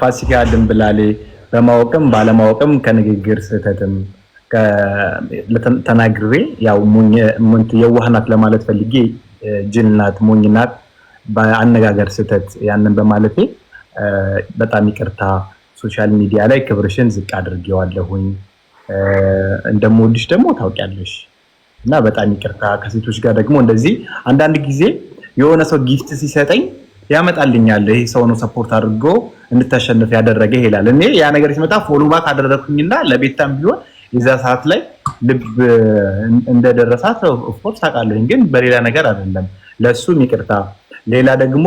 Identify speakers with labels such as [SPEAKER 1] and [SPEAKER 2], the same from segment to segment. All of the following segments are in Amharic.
[SPEAKER 1] ፋሲካ ድንብላሌ በማወቅም ባለማወቅም ከንግግር ስህተትም ተናግሬ ያው የዋህናት ለማለት ፈልጌ ጅልናት ሞኝናት በአነጋገር ስህተት ያንን በማለቴ በጣም ይቅርታ። ሶሻል ሚዲያ ላይ ክብርሽን ዝቅ አድርጌዋለሁኝ። እንደምወድሽ ደግሞ ታውቂያለሽ እና በጣም ይቅርታ። ከሴቶች ጋር ደግሞ እንደዚህ አንዳንድ ጊዜ የሆነ ሰው ጊፍት ሲሰጠኝ ያመጣልኛል። ይሄ ሰው ነው ሰፖርት አድርጎ እንድታሸንፍ ያደረገ ይላል። እኔ ያ ነገር ሲመጣ ፎሎ ባክ አደረግኩኝና ለቤታም ቢሆን የዛ ሰዓት ላይ ልብ እንደደረሳት ኦፍኮርስ ታውቃለኝ፣ ግን በሌላ ነገር አይደለም። ለእሱም ይቅርታ። ሌላ ደግሞ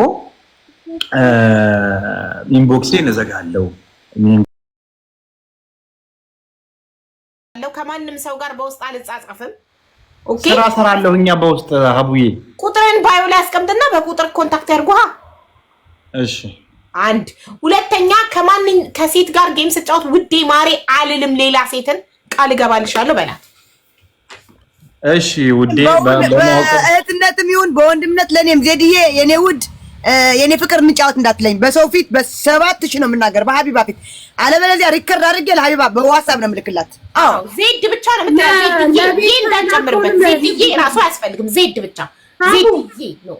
[SPEAKER 1] ኢንቦክሴ እንዘጋለው
[SPEAKER 2] ከማንም ሰው ጋር በውስጥ አልጻጸፍም። ስራ
[SPEAKER 1] ሰራለሁ እኛ በውስጥ አቡዬ
[SPEAKER 2] ቁጥርን ባዩ ላይ አስቀምጥና በቁጥር ኮንታክት ያድርጉሃ እሺ አንድ ሁለተኛ፣ ከማን ከሴት ጋር ጌም ስጫወት ውዴ ማሬ አልልም፣ ሌላ ሴትን ቃል እገባልሻለሁ በላት። እሺ ውዴ፣ በእህትነትም ይሁን በወንድምነት ለእኔም ዜድዬ የኔ ውድ የኔ ፍቅር እንጫወት እንዳትለኝ በሰው ፊት በሰባት ሺህ ነው የምናገር፣ በሀቢባ ፊት አለበለዚያ ሪከርድ አድርጌ ለሀቢባ በዋሳብ ነው የምልክላት። አዎ ዜድ ብቻ ነው የምታያ። ዜድዬ እንዳንጨምርበት፣ ዜድዬ ራሱ አያስፈልግም። ዜድ ብቻ ዜድዬ ነው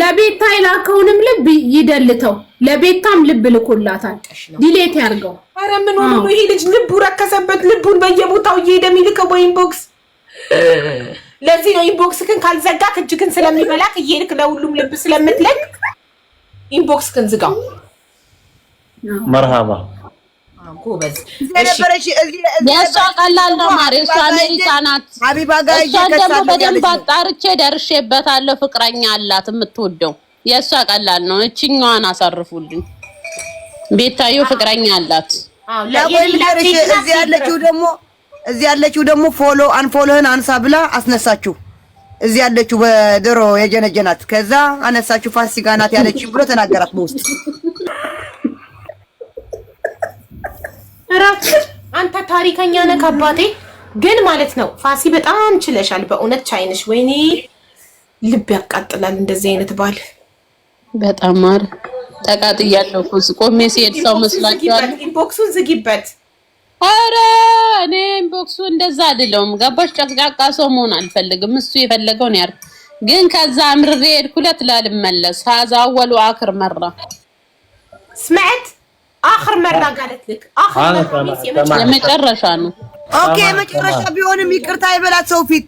[SPEAKER 3] ለቤታ የላከውንም ልብ ይደልተው። ለቤታም ልብ ልኮላታል፣ ዲሌት ያርገው።
[SPEAKER 2] አረ ምን ሆኖ ነው ይሄ ልጅ ልቡ ረከሰበት? ልቡን በየቦታው እየሄደ የሚልከው በኢንቦክስ። ለዚህ ነው ኢንቦክስክን ካልዘጋክ እጅግን ስለሚበላክ እየሄድክ ለሁሉም ልብ ስለምትለቅ ኢንቦክስክን ዝጋው።
[SPEAKER 1] መርሃባ
[SPEAKER 3] የእሷ ቀላል ነው ማሬ። እሷ አሜሪካ ናት። እሷን ደግሞ በደንብ አጣርቼ ደርሼበታለሁ። ፍቅረኛ አላት የምትወደው። የእሷ ቀላል ነው። እችኛዋን አሳርፉልኝ። ቤታዮ ፍቅረኛ አላት።
[SPEAKER 2] እዚህ ያለችው ደግሞ እዚህ ያለችው ደግሞ ፎሎ አንፎሎህን አንሳ ብላ አስነሳችሁ። እዚህ ያለችው በድሮ የጀነጀናት ከዛ አነሳችሁ። ፋሲካ ናት ያለችው ብሎ ተናገራት በውስጥ እራት አንተ ታሪከኛ ነህ አባቴ። ግን ማለት ነው ፋሲ በጣም ችለሻል በእውነት ቻይንሽ። ወይኔ ልብ ያቃጥላል እንደዚህ አይነት ባል።
[SPEAKER 3] በጣም ማር ጠቃጥያለሁ እኮ ቆሜ ሲሄድ ሰው መስላችኋል።
[SPEAKER 2] ኢንቦክሱን ዝጊበት።
[SPEAKER 3] አረ እኔ ኢንቦክሱ እንደዛ አይደለሁም። ገባሽ? ጨቅጫቃ ሰው መሆን አልፈልግም። እሱ የፈለገው ነው ያር ግን ከዛ አምርሬ ሄድኩለት ላልመለስ ሀዛ ወሉ አክር መራ
[SPEAKER 2] ስምዐት አክር መረጋጋት ልክ
[SPEAKER 3] የመጨረሻ ነው።
[SPEAKER 2] ኦኬ የመጨረሻ ቢሆንም ይቅርታ ይበላት፣ ሰው ፊት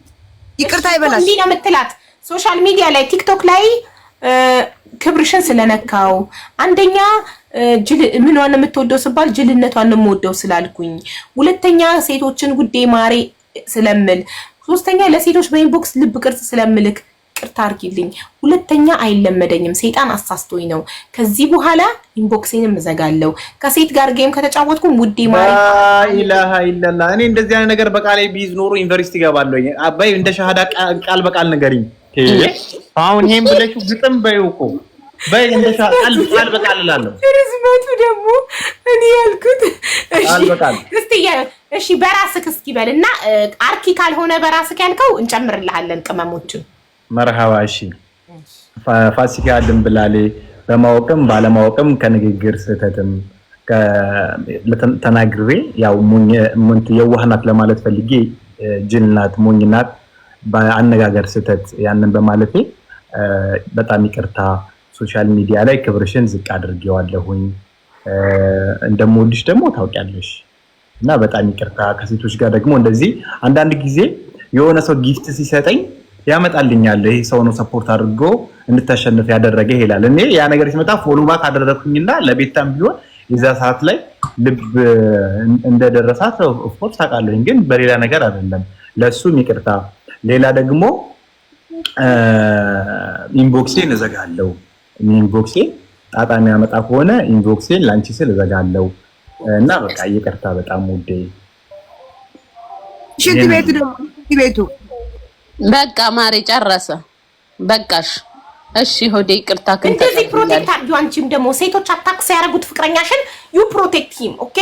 [SPEAKER 2] ይቅርታ ይበላት። እንዲህ ነው የምትላት ሶሻል ሚዲያ ላይ ቲክቶክ ላይ ክብርሽን ስለነካው አንደኛ ምኗን የምትወደው ስባል ጅልነቷን የምወደው ስላልኩኝ፣ ሁለተኛ ሴቶችን ጉዴ ማሬ ስለምል፣ ሶስተኛ ለሴቶች በኢንቦክስ ልብ ቅርጽ ስለምልክ ይቅርታ አድርጊልኝ፣ ሁለተኛ አይለመደኝም፣ ሰይጣን አሳስቶኝ ነው። ከዚህ በኋላ ኢንቦክሲንም እዘጋለሁ። ከሴት ጋር ጌም ከተጫወትኩም ውዴ ማሪ
[SPEAKER 1] ኢላሃ ኢላላ። እኔ እንደዚህ አይነት ነገር በቃሌ ቢይዝ ኖሮ ዩኒቨርሲቲ እገባለሁ። አባይ እንደ ሻሃዳ ቃል በቃል ንገሪኝ። አሁን ይሄን ብለሽ ግጥም በይው እኮ በይ እንደ ቃል በቃል በቃል እላለሁ።
[SPEAKER 2] ርዝመቱ ደግሞ እኔ ያልኩት ቃል በቃል እስቲ እሺ፣ በራስክ እስኪ በልና አርኪ ካልሆነ በራስክ ያልከው እንጨምርልሃለን ቅመሞችን
[SPEAKER 1] መርሃባ። እሺ ፋሲካ ድንብላሌ በማወቅም ባለማወቅም ከንግግር ስህተትም ተናግሬ ያው የዋህናት ለማለት ፈልጌ ጅልናት ሞኝናት በአነጋገር ስህተት ያንን በማለቴ በጣም ይቅርታ። ሶሻል ሚዲያ ላይ ክብርሽን ዝቅ አድርጌዋለሁኝ። እንደምወድሽ ደግሞ ታውቂያለሽ እና በጣም ይቅርታ። ከሴቶች ጋር ደግሞ እንደዚህ አንዳንድ ጊዜ የሆነ ሰው ጊፍት ሲሰጠኝ ያመጣልኛል። ይሄ ሰው ነው ሰፖርት አድርጎ እንድታሸንፍ ያደረገ ይላል። እኔ ያ ነገር ሲመጣ ፎሎ ባክ አደረግኩኝና ለቤታም ቢሆን የዛ ሰዓት ላይ ልብ እንደደረሳት ኦፍኮርስ ታውቃለኝ፣ ግን በሌላ ነገር አይደለም። ለእሱም ይቅርታ። ሌላ ደግሞ ኢንቦክሴን እዘጋለው። ኢንቦክሴን ጣጣ የሚያመጣ ከሆነ ኢንቦክሴን ለአንቺ ስል እዘጋለው እና በቃ ይቅርታ፣ በጣም ውዴ
[SPEAKER 2] ሽንት ቤቱ ደግሞ ቤቱ
[SPEAKER 3] በቃ ማሬ ጨረሰ። በቃሽ። እሺ ሆዴ ይቅርታ። ከንተ
[SPEAKER 2] እንደዚህ ፕሮቴክት አድርጊው። አንቺም ደግሞ ሴቶች አታክ ሲያደርጉት ፍቅረኛሽን ዩ ፕሮቴክት ሂም ኦኬ።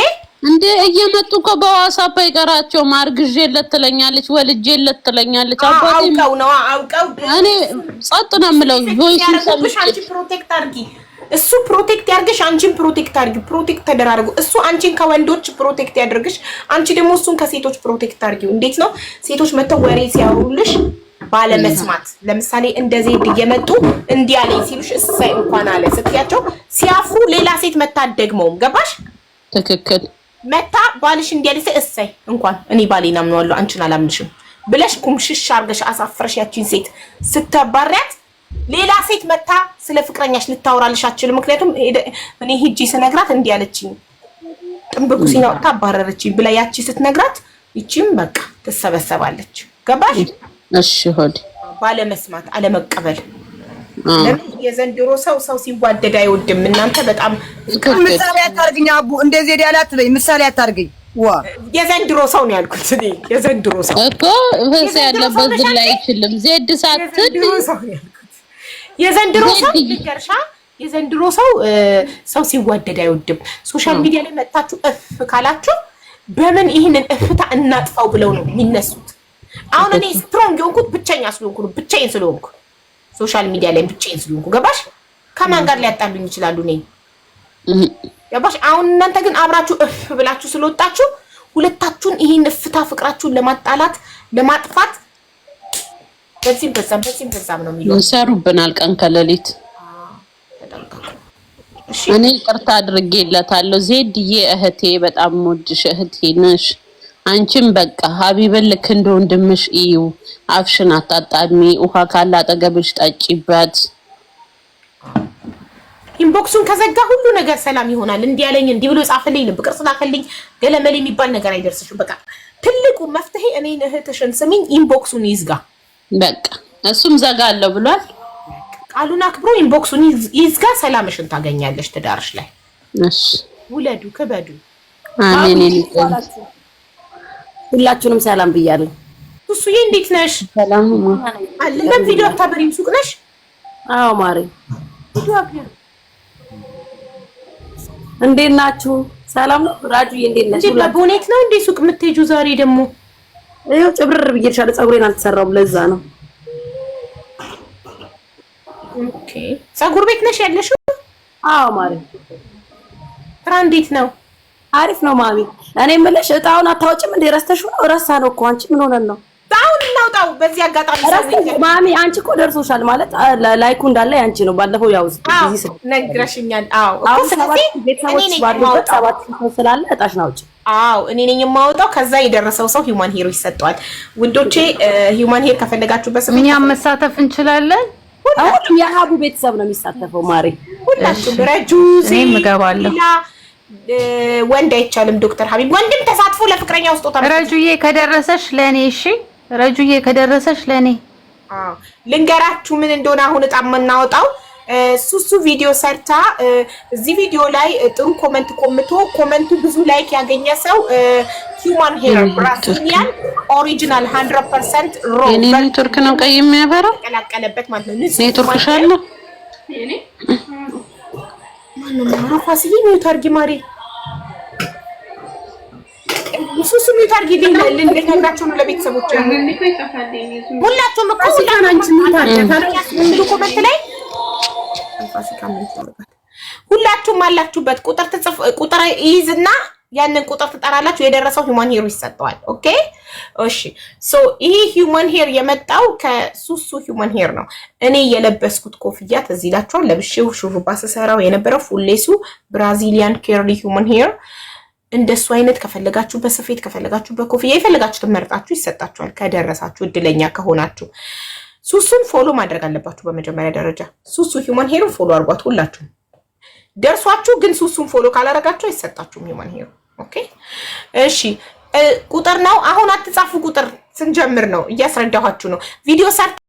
[SPEAKER 3] እንዴ እየመጡ እኮ በዋሳፕ አይቀራቸውም። አርግዤለት ትለኛለች፣ ወልጄ ትለኛለች።
[SPEAKER 2] አባቴ አውቀው ነው አውቀው።
[SPEAKER 3] እኔ ጸጥ ነው የምለው
[SPEAKER 2] ቮይስ ሰምቼ። አንቺ ፕሮቴክት አድርጊ እሱ ፕሮቴክት ያርግሽ፣ አንቺን ፕሮቴክት አርግ። ፕሮቴክት ተደራርጉ። እሱ አንቺን ከወንዶች ፕሮቴክት ያደርግሽ፣ አንቺ ደግሞ እሱን ከሴቶች ፕሮቴክት አርጊው። እንዴት ነው ሴቶች መተው ወሬ ሲያወሩልሽ ባለመስማት ለምሳሌ እንደ ዜድ እየመጡ እንዲህ አለኝ ሲሉሽ እሳይ እንኳን አለ ስትያቸው ሲያፉ ሌላ ሴት መታደግመውም ገባሽ? ትክክል መታ ባልሽ እንዲህ አለኝ እሳይ እንኳን እኔ ባሌን አምነዋለሁ አንቺን አላምንሽም ብለሽ ኩምሽሽ አርገሽ አሳፍረሽ ያቺን ሴት ስተባሪያት ሌላ ሴት መታ ስለ ፍቅረኛሽ ልታወራልሽ አትችልም። ምክንያቱም እኔ ሂጂ ስነግራት እንዲህ አለችኝ፣ ጥንብቁ ሲናወጣ አባረረችኝ ብላ ያቺ ስትነግራት ይቺም በቃ ትሰበሰባለች። ገባሽ? እሺ ሆድ ባለመስማት አለመቀበል። ለምን የዘንድሮ ሰው ሰው ሲዋደድ አይወድም። እናንተ በጣም ምሳሌ አታርግኝ አቡ፣ እንደዚህ ዲያላ አትበይ፣ ምሳሌ አታርግኝ የዘንድሮ ሰው ነው ያልኩት። እኔ የዘንድሮ ሰው
[SPEAKER 3] እኮ ህንሳ ያለበት ዝላ አይችልም ዜድ ሳትል
[SPEAKER 2] የዘንድሮ ሰው ልንገርሻ የዘንድሮ ሰው ሰው ሲዋደድ አይወድም። ሶሻል ሚዲያ ላይ መጥታችሁ እፍ ካላችሁ በምን ይህንን እፍታ እናጥፋው ብለው ነው የሚነሱት። አሁን እኔ ስትሮንግ የሆንኩት ብቸኛ ስለሆንኩ ነው። ብቻዬን ስለሆንኩ ሶሻል ሚዲያ ላይ ብቻዬን ስለሆንኩ ገባሽ? ከማን ጋር ሊያጣሉኝ ይችላሉ? እኔ ገባሽ? አሁን እናንተ ግን አብራችሁ እፍ ብላችሁ ስለወጣችሁ ሁለታችሁን ይህን እፍታ ፍቅራችሁን ለማጣላት ለማጥፋት በዚህም በዛም በዚህም በዛም ነው
[SPEAKER 3] የሚለው ይሰሩብናል ቀን ከሌሊት። እኔ ቅርታ አድርጌለታለሁ። ዜድዬ እህቴ በጣም ሞድሽ እህቴ ነሽ። አንቺም በቃ ሀቢብን ልክ እንደ ወንድምሽ እዩ። አፍሽን አጣጣሚ። ውሃ ካለ አጠገብሽ ጠጪበት።
[SPEAKER 2] ኢንቦክሱን ከዘጋ ሁሉ ነገር ሰላም ይሆናል። እንዲህ ያለኝ እንዲህ ብሎ ጻፈልኝ፣ ልብ ቅርጽ ላከልኝ፣ ገለመል የሚባል ነገር አይደርስሽም። በቃ ትልቁ መፍትሄ እኔን እህትሽን ስሚኝ፣ ኢንቦክሱን ይዝጋ።
[SPEAKER 3] በቃ እሱም ዘጋ አለው ብሏል።
[SPEAKER 2] ቃሉን አክብሮ ኢንቦክሱን ይዝጋ። ሰላምሽን ታገኛለሽ ትዳርሽ ላይ። እሺ ውለዱ፣ ክበዱ።
[SPEAKER 3] አሜን። ሁላችሁንም ሰላም ብያለሁ።
[SPEAKER 2] እሱዬ እንዴት ነሽ? ሰላም አለን። ቪዲዮ አታበሪም? ሱቅ ነሽ?
[SPEAKER 3] አዎ ማሪ፣ እንዴት ናችሁ? ሰላም ነው። ራጁዬ እንዴት ነሽ?
[SPEAKER 2] በቦኔት ነው እንዴ ሱቅ የምትሄጂው ዛሬ ደግሞ?
[SPEAKER 3] ይኸው ጭብርር ብዬሻለ። ፀጉሬን አልተሰራውም፣ ለዛ ነው።
[SPEAKER 2] ኦኬ ፀጉር ቤት ነሽ ያለሽው? አዎ ማሪ። ስራ እንዴት ነው?
[SPEAKER 3] አሪፍ ነው ማሚ። እኔ የምልሽ እጣውን አታወጭም እንዴ? ረስተሽው ነው? ረሳ ነው እኮ አንቺ ምን ሆነን ነው
[SPEAKER 2] አሁን እናውጣው። በዚህ አጋጣሚ
[SPEAKER 3] ማሚ አንቺ እኮ ደርሶሻል ማለት ላይኩ እንዳለ ያንቺ ነው። ባለፈው ያው
[SPEAKER 2] ነግረሽኛል። ቤተሰቦች ስላለ እጣሽን አውጪ። አዎ እኔ ነኝ የማወጣው። ከዛ የደረሰው ሰው ሂውማን ሄሮ ይሰጠዋል። ውዶቼ ሂውማን ሄር ከፈለጋችሁበት
[SPEAKER 3] እኛም መሳተፍ እንችላለን።
[SPEAKER 2] አሁንም የሀቡ ቤተሰብ ነው የሚሳተፈው። ማሪ ሁላችሁም ረጁ እኔም ወንድ አይቻልም። ዶክተር ሀቢብ ወንድም ተሳትፎ ለፍቅረኛው ስጦታ
[SPEAKER 3] ረጁዬ ከደረሰሽ ለእኔ እሺ ረጁዬ ከደረሰች ለእኔ
[SPEAKER 2] ልንገራችሁ ምን እንደሆነ አሁን እጣ የምናወጣው ሱሱ ቪዲዮ ሰርታ እዚህ ቪዲዮ ላይ ጥሩ ኮመንት ቆምቶ ኮመንቱ ብዙ ላይክ ያገኘ ሰው ሂውማን ሄር ብራዚሊያን ኦሪጂናል 100% ሮ
[SPEAKER 3] የኔ ኔትወርክ ነው ቀይ የሚያበራ
[SPEAKER 2] ቀላቀለበት ማለት
[SPEAKER 3] ነው። ኔትወርክ ሻለ እኔ
[SPEAKER 2] ማን ነው ማራፋሲ ነው ታርጊ ሱሱም የት አድርጌ ይደኛል ነው ለቤተሰቦች ሁላቸውም እኮ ሁላቸውም ላይ ሁላችሁም አላችሁበት ቁጥር ትጽፍ ቁጥር ይይዝና ያንን ቁጥር ትጠራላችሁ። የደረሰው ሂውማን ሄር ይሰጠዋል። ኦኬ እሺ። ሶ ይሄ ሂውማን ሄር የመጣው ከሱሱ ሂውማን ሄር ነው። እኔ የለበስኩት ኮፍያ ትዝ ይላችኋል። ለብሼው ሹሩባ ስሰራው የነበረው ፉሌሱ ብራዚሊያን ኬርሊ ሂውማን ሄር እንደሱ አይነት ከፈለጋችሁ በስፌት ከፈለጋችሁ በኮፍያ የፈለጋችሁ ተመርጣችሁ ይሰጣችኋል። ከደረሳችሁ እድለኛ ከሆናችሁ ሱሱን ፎሎ ማድረግ አለባችሁ። በመጀመሪያ ደረጃ ሱሱ ሂውማን ሄሩን ፎሎ አድርጓት ሁላችሁም። ደርሷችሁ ግን ሱሱን ፎሎ ካላረጋችሁ አይሰጣችሁም ሂውማን ሄሩ። ኦኬ እሺ ቁጥር ነው። አሁን አትጻፉ። ቁጥር ስንጀምር ነው እያስረዳኋችሁ ነው ቪዲዮ ሰርት